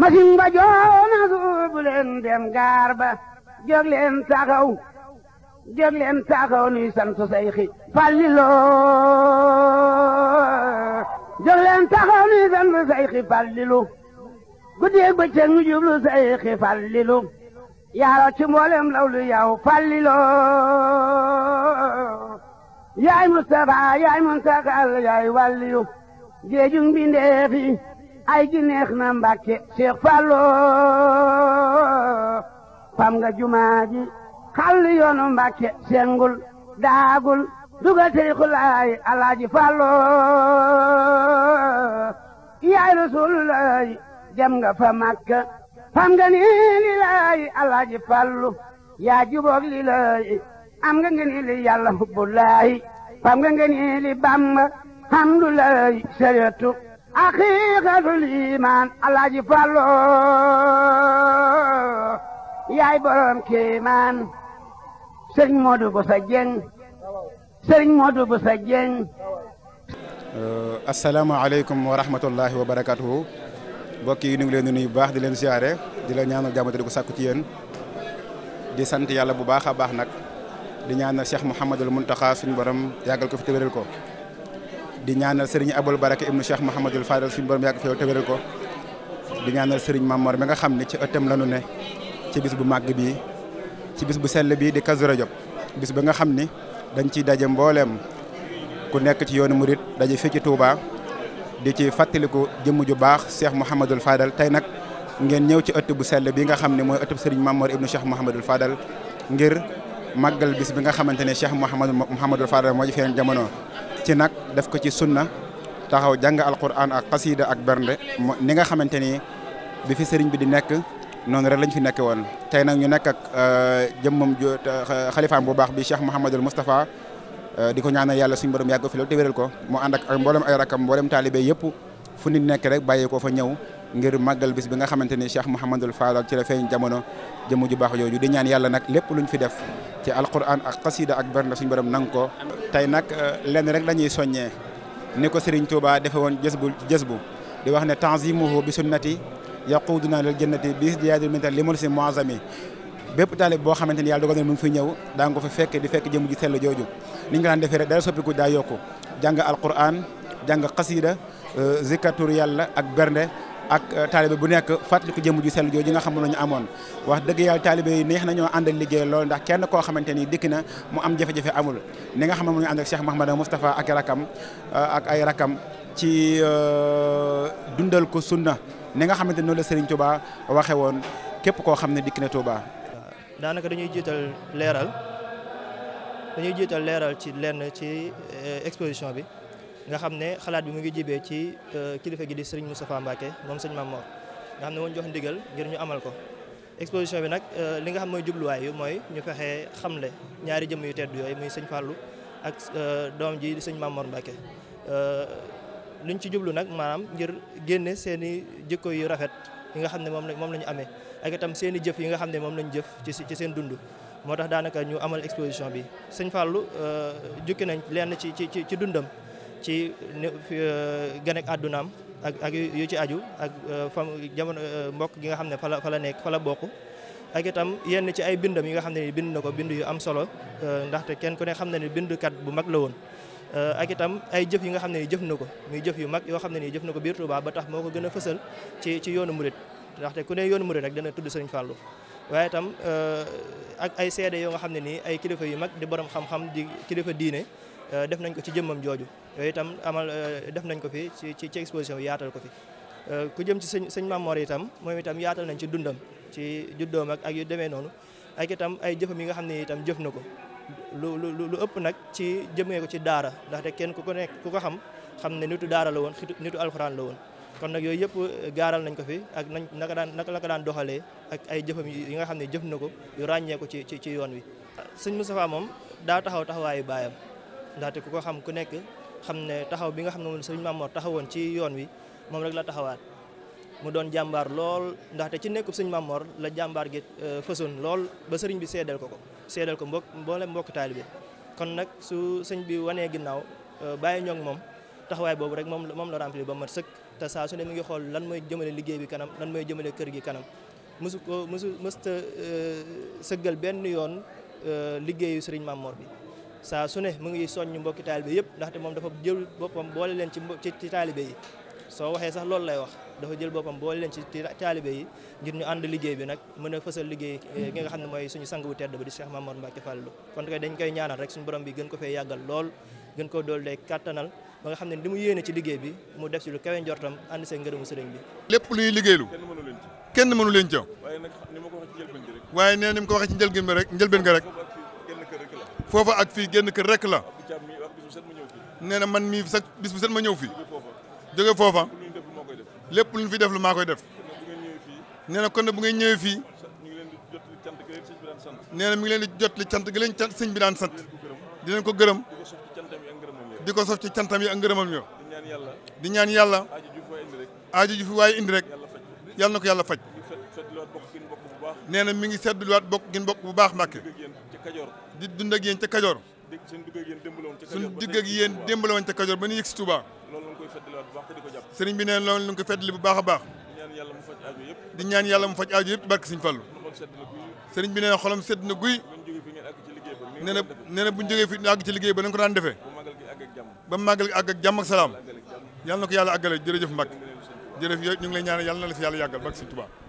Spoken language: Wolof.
masin ba joona suubu leen dem gaar ba jóg leen taxaw jóg leen taxaw nuy sant sayxi Fàllilu jóg leen taxaw nuy sant sayxi Fàllilu guddeeg bëccëg nu jublu sayxi Fàllilu yaaro ci mboolem law lu yaw Fàllilu yaay Mustapha yaay Muntakal yaay wàlliyu géeju mbindeef ay gi neex na Mbàkke Cheikh Fallo fam nga jumaa ji xàll yoonu daagul dugal tariqulaay Alaaji Fallo yaay Rasulullaay dem nga fa Makka fam nga ni lilaay Alaaji Fallu yaa juboog lilaay am nga ngëneeli yàlla hubbulaahi fam nga ngëneeli bamba hamdulaahi sariyatu aqiiqatul iimaan alaaji fallo yaay borom kéemaan sëriñ Modou Bousso Dieng sëriñ Modou Bousso Dieng euh, asalaamaaleykum wa rahmatullahi wa barakatuhu mbokk yi ñu ngi leen di nuyu bu baax di leen siyaare di la ñaanal jàmm di ko sàkku ci yéen di sant yàlla bu baax a baax nag di ñaanal Cheikh Mouhamadul Mountakha suñu borom yàggal ko fi te ko di ñaanal Serigne Abul Baraka ibnu Cheikh Mouhamadul Fadal suñu borom yàggal fi te wéral ko di ñaanal Serigne Mamor bi nga xam ne ci ëttam la ñu ne ci bis bu màgg bii ci bis bu sell bii di Kazu Rajab bis ba nga xam ni dañ ciy daje mbooleem ku nekk ci yoonu murit daje fii ci Touba di ci fàttaliku jëmm ju baax Cheikh Mouhamadul Fadal tey nag ngeen ñëw ci ëtt bu sell bi nga xam ne mooy ëtt Serigne Mamor ibnu Cheikh Mouhamadul Fadal ngir. màggal bis bi nga xamante ne Cheikh Mouhamadou Mouhamadou Fadal moo ci feeñ jamono ci nag def ko ci sunna taxaw jàng alquran ak xasida ak bernde ni nga xamante ni bi fi sëriñ bi di nekk noonu rek lañ fi nekk woon tey nag ñu nekk ak euh, jëmmam ju xalifaam bu baax bi Cheikh Mouhamadul Moustapha euh, di ko ñaanal yàlla suñu borom yàgg fi loolu te wéral ko mu ànd ak mboolem ay rakam mboolem taalibe yëpp fu nit nekk rek bàyyee ko fa ñëw ngir màggal bis bi nga xamante ni Cheikh Mouhamadul Fadal ci la feeñ jamono jëmu ju baax jooju di ñaan yàlla nag lépp luñ fi def ci alquran ak xasida ak bernde suñu borom nang ko. tey nag euh, lenn rek la ñuy soññee ni ko Serigne Touba defe woon jës bu jës bu di wax ne tanzimuhu bi sunnati yaquduna lil jannati bi ziyaadatin minta limul si muazami bépp taalib boo xamante ni yàlla dogal na mu ngi fi ñëw daa nga ko fa fekk di fekk jëmu ji sell jooju ni ñu ko daan defee rek dara soppiku daa yokku jàng alquran jàng xasida euh, zikkatur ak bernde ak euh, taalibe bu nekk fàttaliku jëmm ju sell jooju nga xam nañu amoon wax dëgg yàlla taalibe yi neex nañoo àndal liggéey loolu ndax kenn koo xamante ni dikk na mu am jafe-jafe amul ni nga xam ne mu ngi ànd ak Cheikh Mahamada Moustapha ak rakam euh, ak ay rakam ci euh, dundal ko sunna ni nga xamante noonu la Serigne Touba waxe woon képp koo xam ne dikk na Touba. daanaka dañuy jiital leeral dañuy jiital leeral ci lenn ci exposition bi. nga xam ne xalaat bi mu ngi jibee ci euh, kilifa gi di sëriñ Moustapha Mbacke moom sëñ Mame Mor nga xam ne woon jox ndigal ngir ñu amal ko exposition bi nag euh, li nga xam mooy jubluwaay yu mooy ñu fexee xamle ñaari jëmm yu tedd yooyu muy sëñ Fallou ak euh, doom ji sëñ Mame Mor Mbacke luñ ci jublu nag maanaam ngir génne seen i jikko yu rafet yi nga xam ne moom la moom la ñu amee ak itam seen i jëf yi nga xam ne moom lañ jëf ci ci seen dund moo tax daanaka ñu amal exposition bi sëñ Fallou jukki nañ lenn ci ci ci dundam ci euh, gën ak àddunaam ak ak yu ci aju ak euh, fam jamono euh, mbokk gi nga xam ne fa la fa la nekk fa bokk ak itam yenn ci ay bindam yi nga xam ne ni bind na ko bind yu am solo ndaxte kenn ku ne xam na ne bindkat bu mag la woon ak itam ay jëf yi nga xam ne jëf na ko muy jëf yu mag yoo xam ne nii jëf na ko biir Touba ba tax moo ko gën a fësal ci ci yoonu murit ndaxte ku ne yoonu murit rek dana tudd Sëriñ Fàllu waaye itam ak ay seede yoo nga xam ne nii ay kilifa yu mag di borom xam-xam di kilifa diine def nañ ko ci jëmmam jooju yooyu itam amal eh, def nañ ko fi ci ci exposition bi yaatal ko fi eh, ku jëm ci sëñ sëñ Mamor itam moom itam yaatal nañ ci dundam ci juddoom ak yu demee noonu ak itam ay jëfam yi nga xam ne itam jëf na ko lu ëpp nag ci jëmee ko ci daara ndaxte kenn ku ko ku ko xam xam ne nitu daara la woon nitu alxuraan la woon. kon nag yëpp eh, gaaral nañ ko fi ak nañ naka daan naka la ko daan doxalee ak ay jëfam yi nga xam ne jëf na ko yu ràññee ko ci ci yoon wi. sëñ Moustapha moom daa taxaw taxawaayu baayam ndaxte ku ko xam ku nekk. xam ne taxaw bi nga xam ne moom sëriñ Mamor taxawoon ci yoon wi moom rek la taxawaat mu doon jàmbaar lool ndaxte ci nekkub sëriñ Mamor la jàmbaar gi euh, façon lool ba sëriñ bi seedal ko ko seedal ko mbokk mboole mbokk bi kon nag su sëñ bi wanee ginnaaw euh, bàyyi ñoog moom taxawaay boobu rek moom moom la rempli ba ma sëkk te saa su ne mi ngi xool lan mooy jëmale liggéey bi kanam lan mooy jëmale kër gi kanam mësu ko mësu mësta euh, sëggal benn yoon liggéeyu sëriñ Mamor bi saa su ne mu ngi soññ mbokki taalibe yëpp ndaxte moom dafa jël boppam boole leen ci ci taalibe yi soo waxee sax ngir ñu ànd liggéey bi nag mën a fësal liggéey eh, ki nga xam ne mooy suñu sang bu tedd ba di Cheikh Mamadou Mbacke Fallou rek suñu borom bi gën ko fee yàggal lool gën ko ne li mu yéene ci mu def ci lu kawe njortam ànd see ngërëmu sëriñ bi lépp luy liggéeylu kenn mënu ca waaye nee ni mu ko waxee ci njëlbeen bi rek foofa ak fii génn kër rek la nee na man mii sax bis bu set ma ñëw fii jóge foofa lépp lu ñu fi def lu maa koy def nee na kon bu ngeen ñëwee fii nee na mi ngi leen di jot li cant gi leen cant sëñ bi daan sant dinañ ko gërëm di ko sof ci cantam yi ak ngërëmam ñoo di ñaan yàlla aaju ju fi waaye indi rek yàlla na ko yàlla faj nee na mi ngi sedduwaat bokk gin bokk bu baax Mbàkke Kajoor. di dund ak yéen ca Kajoor. suñu digg ak yéen démb la woon ca Kajoor suñu digg ba ñu yëg si Touba. loolu bi neen loolu la ñu koy feddali bu baax a baax. di ñaan yàlla mu faj aajo yëpp. di ñaan Fallu. sëriñ bi neen xolam sedd na guy. nee na bu ñu jógee fi àgg ci liggéey ba nañ ko daan defee. ba màggal gi jàmm ak salaam. yàlla na ko yàlla àggale jërëjëf Mbacke jërëjëf yooyu ñu ngi lay ñaanal yàlla na la yàlla yàggal barke Sëriñ Touba